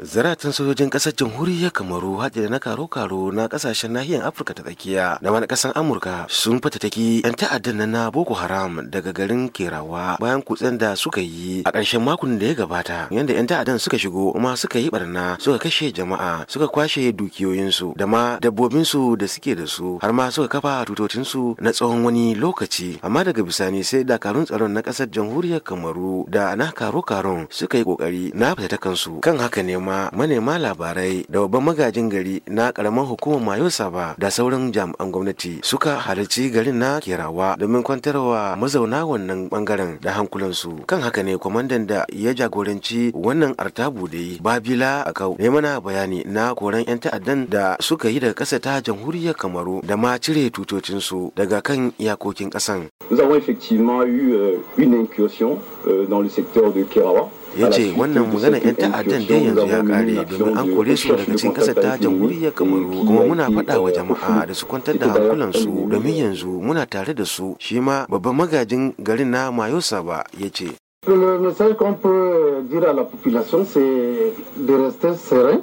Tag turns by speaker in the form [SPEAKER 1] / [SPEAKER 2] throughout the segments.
[SPEAKER 1] zaratan sojojin kasar jamhuriyar kamaru haɗe da na karo-karo na kasashen nahiyar afirka ta tsakiya da wani ƙasan amurka sun fatataki yan ta'addan na boko haram daga garin kerawa bayan kutsen da suka yi a ƙarshen makon da ya gabata yadda yan ta'addan suka shigo ma suka yi barna suka kashe jama'a suka kwashe dukiyoyinsu da ma dabbobinsu da suke da su har ma suka kafa tutotinsu na tsawon wani lokaci amma daga bisani sai dakarun tsaron na kasar jamhuriyar kamaru da na karo-karon suka yi kokari na kansu, kan haka ne ma. kuma manema labarai da babban magajin gari na karamar hukumar mayo saba da sauran jami'an gwamnati suka halarci garin na kerawa domin kwantarwa mazauna wannan bangaren da hankulansu kan haka ne kwamandan da ya jagoranci wannan artabu da yi babila kau ne mana bayani na koran 'yan ta'addan da suka yi daga ƙasa ta jamhuriyar kamaru da ma cire tutocinsu daga kan iyakokin ƙasan.
[SPEAKER 2] Nous avons effectivement eu euh, une incursion euh, dans le secteur de Kerawa. ya ce wannan magana 'yan ta'addan dai yanzu ya kare domin an kore su daga cikin kasar ta jamhuriyar kamaru kuma muna faɗa wa jama'a da su kwantar
[SPEAKER 1] da hankulansu domin yanzu muna tare da su shi ma babban magajin garin na mayosa ba ya ce Le message qu'on peut dire à la population, c'est de rester serein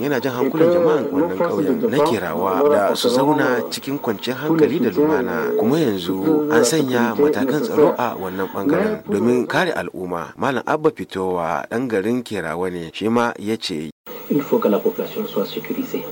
[SPEAKER 1] yana jan hankulan jama'an wannan ƙauyen na kirawa da su zauna cikin kwanciyar hankali da lumana kuma yanzu an sanya matakan tsaro a wannan bangaren domin kare al'umma malam abba fitowa ɗan garin kirawa ne shi ma ya ce
[SPEAKER 3] il faut que la population soit sécurisée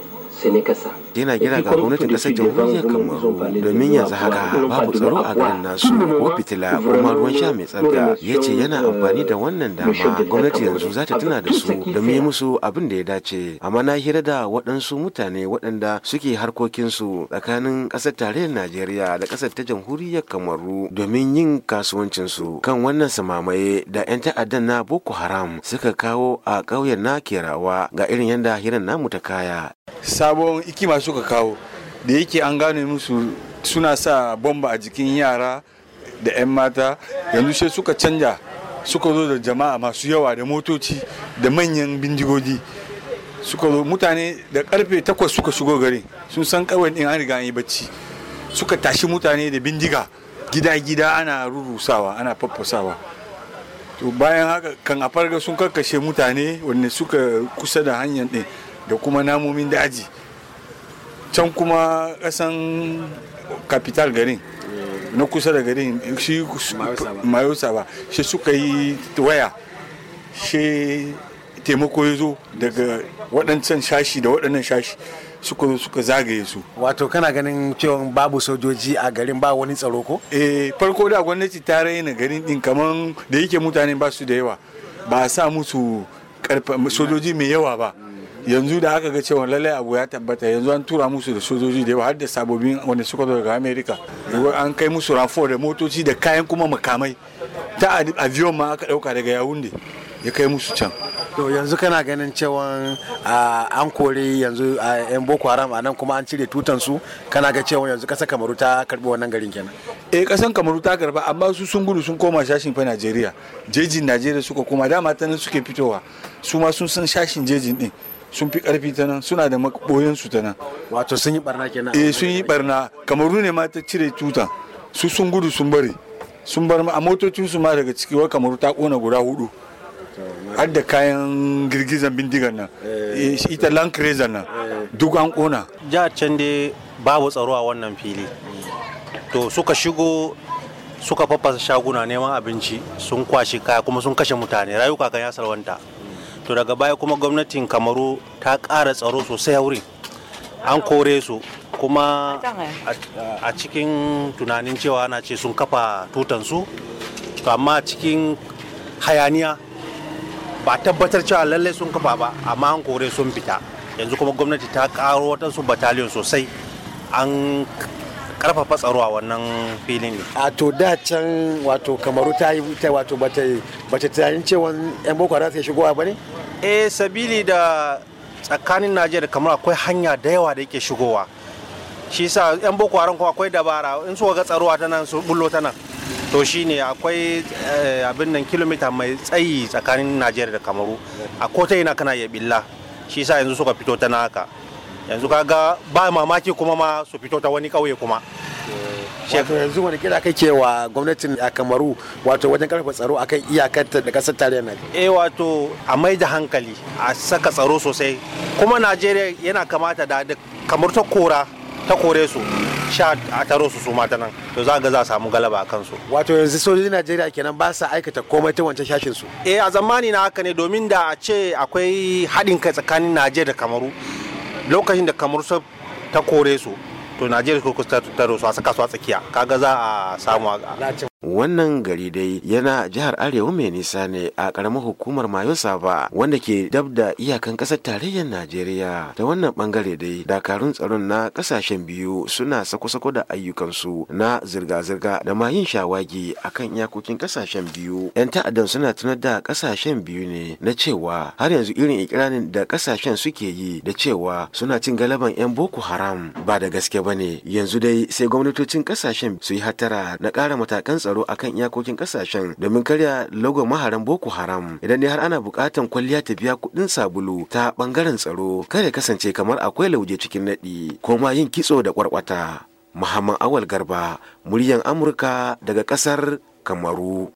[SPEAKER 3] yana gira ga gwamnatin kasar jamhuriyar kamaru domin yanzu haka babu tsaro a garin nasu ko fitila ko ma ruwan sha mai tsarka ya ce yana amfani
[SPEAKER 1] da uh, wannan dama gwamnati yanzu za ta tuna da su domin yi musu abin da ya dace amma na hira da waɗansu mutane waɗanda suke harkokinsu tsakanin ƙasar tarayyar najeriya da ƙasar ta jamhuriyar kamaru domin yin kasuwancinsu kan wannan samamaye da 'yan ta'addan na boko haram suka kawo a ƙauyen na kerawa ga irin yadda hirar namu ta kaya
[SPEAKER 2] sabon ikima suka kawo da yake an gane musu suna sa bomba a jikin yara da 'yan mata yanzu sai suka canja suka zo da jama'a masu yawa da motoci da manyan bindigogi suka zo mutane da karfe takwas suka shigo garin sun san kawai din an riga an yi bacci suka tashi mutane da bindiga gida-gida ana rurusawa ana fafasawa to bayan haka kan a farga sun karkashe mutane wanda suka kusa da hanyar din da kuma namomin daji can kuma kasan capital garin na kusa da garin shi mayosa ba shi suka yi waya shi taimako ya zo daga waɗancan shashi da waɗannan shashi suka zo suka zagaye su wato kana ganin cewa babu sojoji a garin ba wani tsaro ko eh farko da gwamnati ta raina garin din kaman da yake mutane ba su da yawa ba a sa musu sojoji mai yawa ba yanzu da aka ga cewa lallai abu ya tabbata yanzu an tura musu da sojoji da yawa har da sabobin wanda suka zo daga america an kai musu rafo da motoci da kayan kuma makamai ta aviyon ma aka dauka daga yawunde ya kai musu can to yanzu kana ganin cewa an kori yanzu yan boko haram a nan kuma an cire tutan su kana ga cewa yanzu kasar kamaru ta karbi wannan garin kenan eh kasan kamaru ta karba amma su sun gudu sun koma shashin fa najeriya jejin najeriya suka kuma dama ta nan suke fitowa su ma sun san shashin jejin din sun fi karfi ta nan suna da maɓoyansu ta nan wato sun yi barna kenan eh sun yi barna kamaru ne ma ta cire tuta su sun gudu sun bari sun bar ma a motocin su ma daga ciki wai kamaru ta kona guda hudu har da kayan girgizan bindigan nan eh. Eh, ita land cruiser nan eh. duk an kona
[SPEAKER 3] ja can dai babu tsaro a wannan fili to suka shigo suka fafasa shaguna neman abinci sun kwashi kaya kuma sun kashe mutane rayuka kan ya salwanta to daga baya kuma gwamnatin kamaru ta ƙara tsaro sosai a wurin an kore su kuma a cikin tunanin cewa ana ce sun kafa tutansu to amma cikin hayaniya ba tabbatar cewa lallai sun kafa ba amma an kore sun fita yanzu kuma gwamnati ta karo waɗansu bataliyon sosai an karfafa tsaro a wannan filin ne. A to da can wato kamaru ta yi wato bata bata tunanin cewa yan boko haram ya shigowa ba ne? eh sabili da tsakanin najeriya kamar akwai hanya da yawa da yake shigowa shi sa yan boko haram kuma akwai dabara in suka ga tsaruwa ta nan su bullo ta nan to shi ne akwai eh, abin nan kilomita mai tsayi tsakanin najeriya da kamaru a kota yana kana ya billa shi sa yanzu suka fito ta na haka yanzu kaga ba mamaki kuma ma su fito ta wani kauye kuma wato yanzu wani kira kake wa gwamnatin a kamaru wato wajen karfafa tsaro akan ta da kasar tarayyar najeriya eh wato a mai da hankali a saka tsaro sosai kuma najeriya yana kamata da kamar ta kora ta kore su sha a taro su su mata nan to za ga za samu galaba a kansu wato yanzu sojojin najeriya kenan ba sa aikata komai ta wancan shashin su eh a zamani na haka ne domin da a ce akwai haɗin kai tsakanin najeriya da kamaru lokacin da kamaru ta kore su to najeriya ko ta taro su a saka su a tsakiya kaga za a samu a
[SPEAKER 1] wannan gari dai yana jihar arewa mai nisa ne a karamar hukumar mayo saba wanda ke dab da iyakan kasar tarayyar najeriya ta wannan bangare dai dakarun tsaron na kasashen biyu suna sako-sako da ayyukansu na zirga-zirga da ma yin shawagi kan iyakokin kasashen biyu yan ta'addan suna tunar da kasashen biyu ne na cewa har yanzu irin ikirarin da kasashen suke yi da cewa suna cin galaban yan boko haram ba da gaske ba ne, yanzu dai sai gwamnatocin kasashen su yi hatara na ƙara matakan tsaro kan iyakokin kasashen domin karya logon maharan Boko Haram. Idan dai har ana bukatan kwalliya ta biya kudin sabulu ta bangaren tsaro kar ya kasance kamar akwai lauje cikin nadi ko ma yin kitso da kwarkwata. Muhammad Awal Garba, muryan Amurka daga kasar Kamaru.